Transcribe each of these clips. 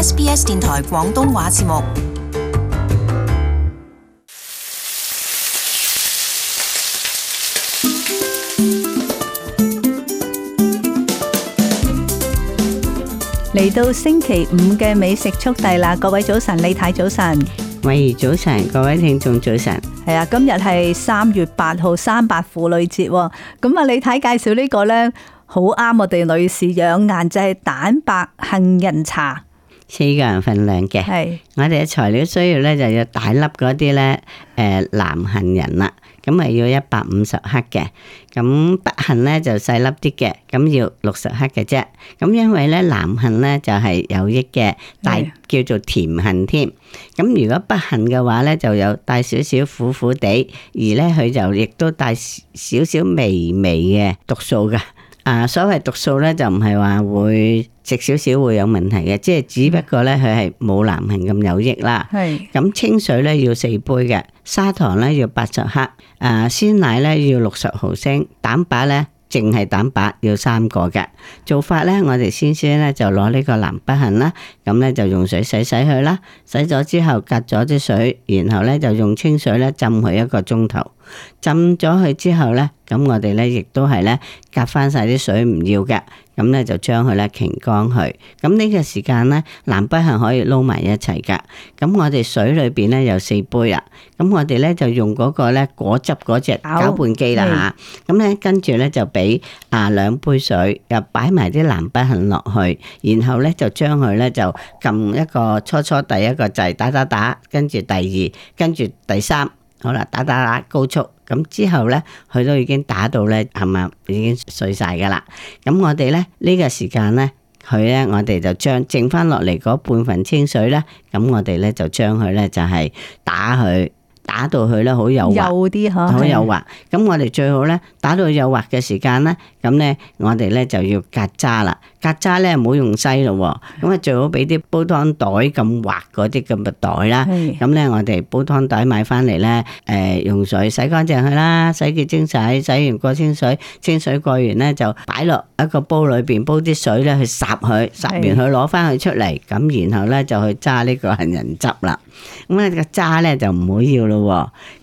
SBS 電台廣東話節目嚟到星期五嘅美食速遞啦！各位早晨，李太早晨，慧怡早晨，各位聽眾早晨。係啊，今日係三月八號，三八婦女節咁啊！李太介紹呢個咧，好啱我哋女士養顏，就係蛋白杏仁茶。四個人份量嘅，是我哋嘅材料需要咧就要大粒嗰啲咧，誒南杏仁啦，咁啊要一百五十克嘅，咁北杏咧就細粒啲嘅，咁要六十克嘅啫。咁因為咧南杏咧就係、是、有益嘅，大叫做甜杏添。咁是如果北杏嘅話咧就有帶少少苦苦地，而咧佢就亦都帶少少微微嘅毒素噶。啊，所謂毒素咧，就唔係話會食少少會有問題嘅，即係只不過咧佢係冇南杏咁有益啦。係是。咁清水咧要四杯嘅，砂糖咧要八十克，誒、呃、鮮奶咧要六十毫升，蛋白咧淨係蛋白要三個嘅。做法咧，我哋先先咧就攞呢個南北杏啦，咁咧就用水洗洗佢啦，洗咗之後隔咗啲水，然後咧就用清水咧浸佢一個鐘頭。浸咗佢之後呢，咁我哋呢亦都係呢，夾翻晒啲水唔要嘅，咁呢就將佢呢擰乾佢。咁呢個時間呢，南北杏可以撈埋一齊噶。咁我哋水裏邊呢，有四杯啦，咁我哋呢就用嗰個呢果汁嗰隻攪拌機啦吓。咁呢、哦、跟住呢就俾啊兩杯水，又擺埋啲南北杏落去，然後呢就將佢呢，就撳一個初初第一個就係打打打，跟住第二，跟住第三。好啦，打打打高速，咁之後咧，佢都已經打到咧，係咪已經碎晒噶啦？咁我哋咧呢個時間咧，佢咧我哋就將剩翻落嚟嗰半份清水咧，咁我哋咧就將佢咧就係、是、打佢。打到佢咧，好幼滑，好幼滑。咁我哋最好咧，打到幼滑嘅時間咧，咁咧我哋咧就要隔渣啦。隔渣咧唔好用西咯，咁啊最好俾啲煲湯袋咁滑嗰啲咁嘅袋啦。咁咧我哋煲湯袋買翻嚟咧，誒用水洗乾淨佢啦，洗潔精洗，洗完過清水，清水過完咧就擺落一個煲裏邊煲啲水咧去霎佢，霎完佢攞翻佢出嚟，咁然後咧就去揸呢個杏仁汁啦。咁咧個渣咧就唔好要咯。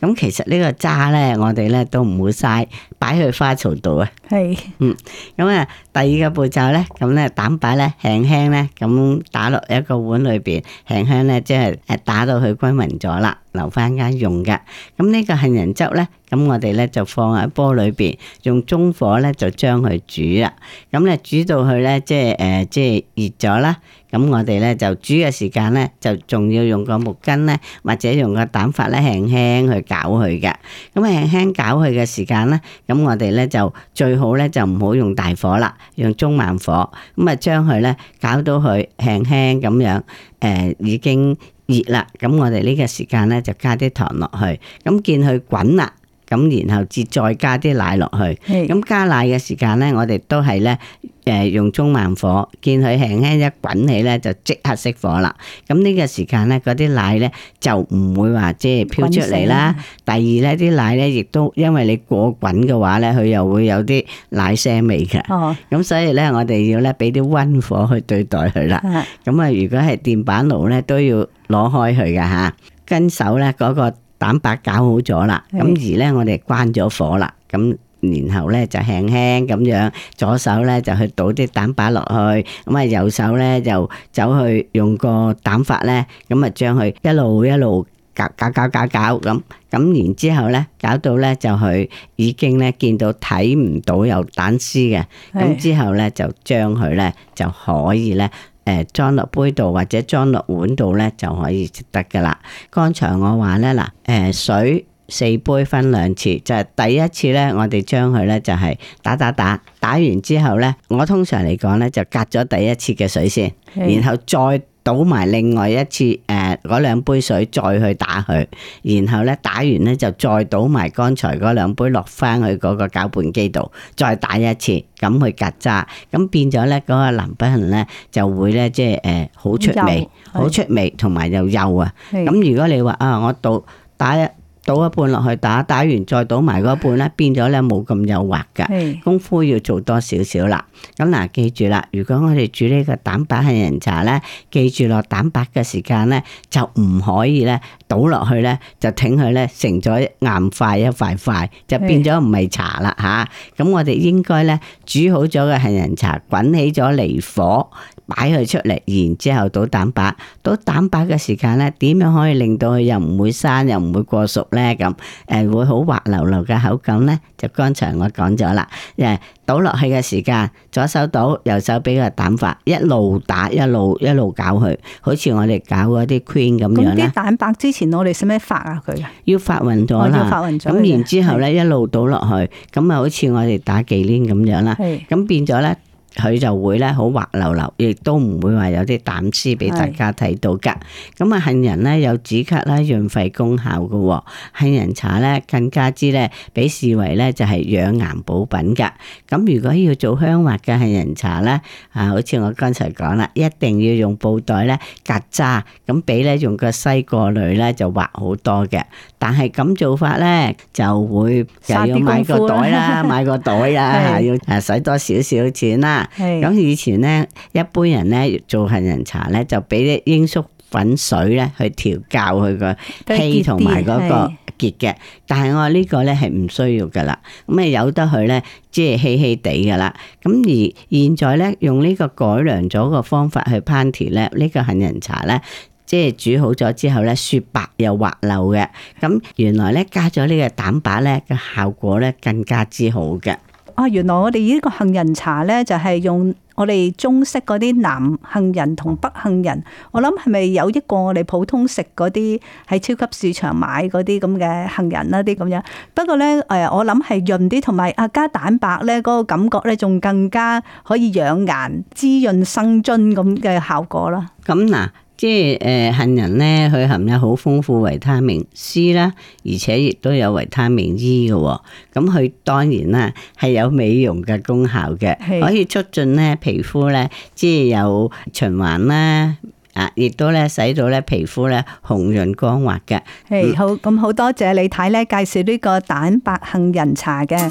咁其實呢個渣呢，我哋呢都唔會嘥，擺去花槽度啊。係是，嗯，咁啊，第二個步驟呢，咁呢蛋白呢輕輕呢，咁打落一個碗裏邊，輕輕呢，即係打到佢均匀咗啦。留翻間用嘅，咁呢個杏仁汁咧，咁我哋咧就放喺煲裏邊，用中火咧就將佢煮啦。咁咧煮到佢咧，即係誒、呃，即係熱咗啦。咁我哋咧就煮嘅時間咧，就仲要用個木根咧，或者用個蛋法咧，輕輕去攪佢嘅。咁輕輕攪佢嘅時間咧，咁我哋咧就最好咧就唔好用大火啦，用中慢火。咁啊，將佢咧攪到佢輕輕咁樣，誒、呃，已經。熱啦，咁我哋呢個時間呢，就加啲糖落去，咁見佢滾啦。咁然後至再加啲奶落去，咁是加奶嘅時間呢，我哋都係呢，誒用中慢火，見佢輕輕一滾起呢，就即刻熄火啦。咁、這、呢個時間呢，嗰啲奶呢，就唔會話即係漂出嚟啦。第二呢，啲奶呢，亦都因為你過滾嘅話呢，佢又會有啲奶腥味嘅。哦，咁所以呢，我哋要呢，俾啲溫火去對待佢啦。係的，咁啊，如果係電板爐呢，都要攞開佢㗎吓，跟手呢，嗰個。蛋白搞好咗啦，咁的而呢，我哋關咗火啦，咁然後呢，就輕輕咁樣，左手呢就去倒啲蛋白落去，咁啊右手呢就走去用個蛋法呢，咁啊將佢一路一路搞搞搞搞搞咁，咁然之後呢，搞到呢就佢已經呢見到睇唔到有蛋絲嘅，咁的之後呢，就將佢呢就可以呢。誒，裝落杯度或者裝落碗度咧，就可以得噶啦。剛才我話咧嗱，誒，水四杯分兩次，就係第一次咧，我哋將佢咧就係打打打，打完之後咧，我通常嚟講咧就隔咗第一次嘅水先，的然後再。倒埋另外一次，誒、呃、嗰兩杯水再去打佢，然後咧打完咧就再倒埋剛才嗰兩杯落翻去嗰個攪拌機度，再打一次，咁去隔渣，咁變咗咧嗰個南北杏咧就會咧即係誒好出味，好幼出味，同埋的又幼啊。咁的如果你話啊，我倒打一。倒一半落去打，打完再倒埋嗰一半咧，變咗咧冇咁幼滑噶是功夫要做多少少啦。咁嗱、啊，記住啦，如果我哋煮呢個蛋白杏仁茶咧，記住落蛋白嘅時間咧，就唔可以咧倒落去咧，就挺佢咧，成咗硬塊一塊塊，就變咗唔係茶啦吓，咁是、啊、我哋應該咧煮好咗嘅杏仁茶，滾起咗離火。擺佢出嚟，然之後倒蛋白，倒蛋白嘅時間咧，點樣可以令到佢又唔會生，又唔會過熟咧？咁誒，會好滑溜溜嘅口感咧，就剛才我講咗啦。誒，倒落去嘅時間，左手倒，右手俾個蛋白，一路打一路一路攪佢，好似我哋搞嗰啲 cream 咁樣啦，啲蛋白之前我哋使咩發啊？佢要發勻咗啦，咁然之後咧是一路倒落去，咁啊，好似我哋打忌廉咁樣啦，咁是變咗咧。佢就會咧好滑溜溜，亦都唔會話有啲膽絲俾大家睇到噶。咁啊是，杏仁咧有止咳啦、潤肺功效噶。杏仁茶咧更加之咧，俾視為咧就係養顏補品噶。咁如果要做香滑嘅杏仁茶咧，啊，好似我剛才講啦，一定要用布袋咧隔渣，咁俾咧用個篩過濾咧就滑好多嘅。但係咁做法咧就會又要買個袋啦，買個袋啊， 是要誒使多少少錢啦。咁以前咧，一般人咧做杏仁茶咧，就俾啲鷹粟粉水咧去調校佢個氣同埋嗰個結嘅。但係我呢個咧係唔需要噶啦，咁啊由得佢咧，即係稀稀地噶啦。咁而現在咧，用呢個改良咗個方法去烹調咧，呢個杏仁茶咧，即係煮好咗之後咧，雪白又滑溜嘅。咁原來咧加咗呢個蛋白咧個效果咧更加之好嘅。啊！原來我哋呢個杏仁茶咧，就係用我哋中式嗰啲南杏仁同北杏仁。我諗係咪有一個我哋普通食嗰啲喺超級市場買嗰啲咁嘅杏仁啦？啲咁樣？不過咧，誒我諗係潤啲，同埋啊加蛋白咧，嗰個感覺咧仲更加可以養顏、滋潤、生津咁嘅效果啦。咁嗱、啊。即係、呃、杏仁咧，佢含有好豐富維他命 C 啦，而且亦都有維他命 E 嘅、哦，咁佢當然啦係有美容嘅功效嘅，是可以促進咧皮膚咧即係有循環啦，啊，亦都咧使到咧皮膚咧紅潤光滑嘅。係好，咁好多謝李太咧介紹呢個蛋白杏仁茶嘅。